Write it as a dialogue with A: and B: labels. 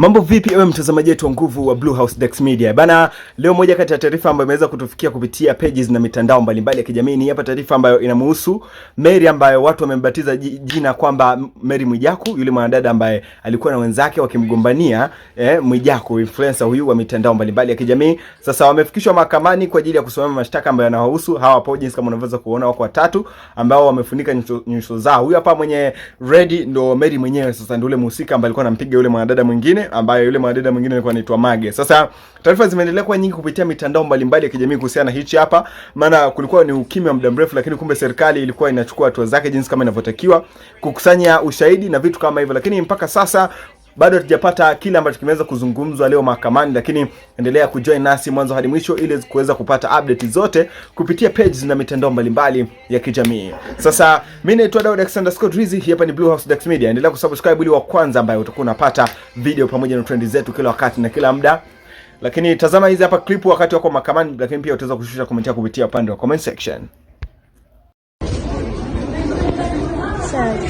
A: Mambo vipi wewe mtazamaji wetu wa nguvu wa Blue House Dax Media. Bana, leo moja kati ya taarifa ambayo imeweza kutufikia kupitia pages na mitandao mbalimbali ya kijamii ni hapa taarifa ambayo inamhusu Mary ambayo watu wamembatiza jina kwamba Mary Mwijaku, yule mwanadada ambaye alikuwa na wenzake wakimgombania eh, Mwijaku influencer huyu wa mitandao mbalimbali ya kijamii. Sasa wamefikishwa mahakamani kwa ajili ya kusimamia mashtaka ambayo yanawahusu hawa pages, kama unavyoweza kuona wako watatu ambao wamefunika nyuso zao. Huyu hapa mwenye red ndo Mary mwenyewe, sasa ndio yule mhusika ambaye alikuwa anampiga yule mwanadada mwingine ambayo yule mwanadada mwingine alikuwa anaitwa Mage. Sasa taarifa zimeendelea kuwa nyingi kupitia mitandao mbalimbali ya kijamii kuhusiana na hichi hapa, maana kulikuwa ni ukimya wa muda mrefu, lakini kumbe serikali ilikuwa inachukua hatua zake jinsi kama inavyotakiwa kukusanya ushahidi na vitu kama hivyo, lakini mpaka sasa bado hatujapata kile ambacho kimeweza kuzungumzwa leo mahakamani, lakini endelea kujoin nasi mwanzo hadi mwisho ili kuweza kupata update zote kupitia pages na mitandao mbalimbali ya kijamii. Sasa mimi naitwa Daud Alexander Scott Rizzi, hapa ni Blue House Dax Media. Endelea kusubscribe ili wa kwanza ambaye utakuwa unapata video pamoja na trendi zetu kila wakati na kila muda. Lakini tazama hizi hapa clip wakati wako mahakamani, lakini pia utaweza kushusha comment yako kupitia upande wa comment section. Sorry.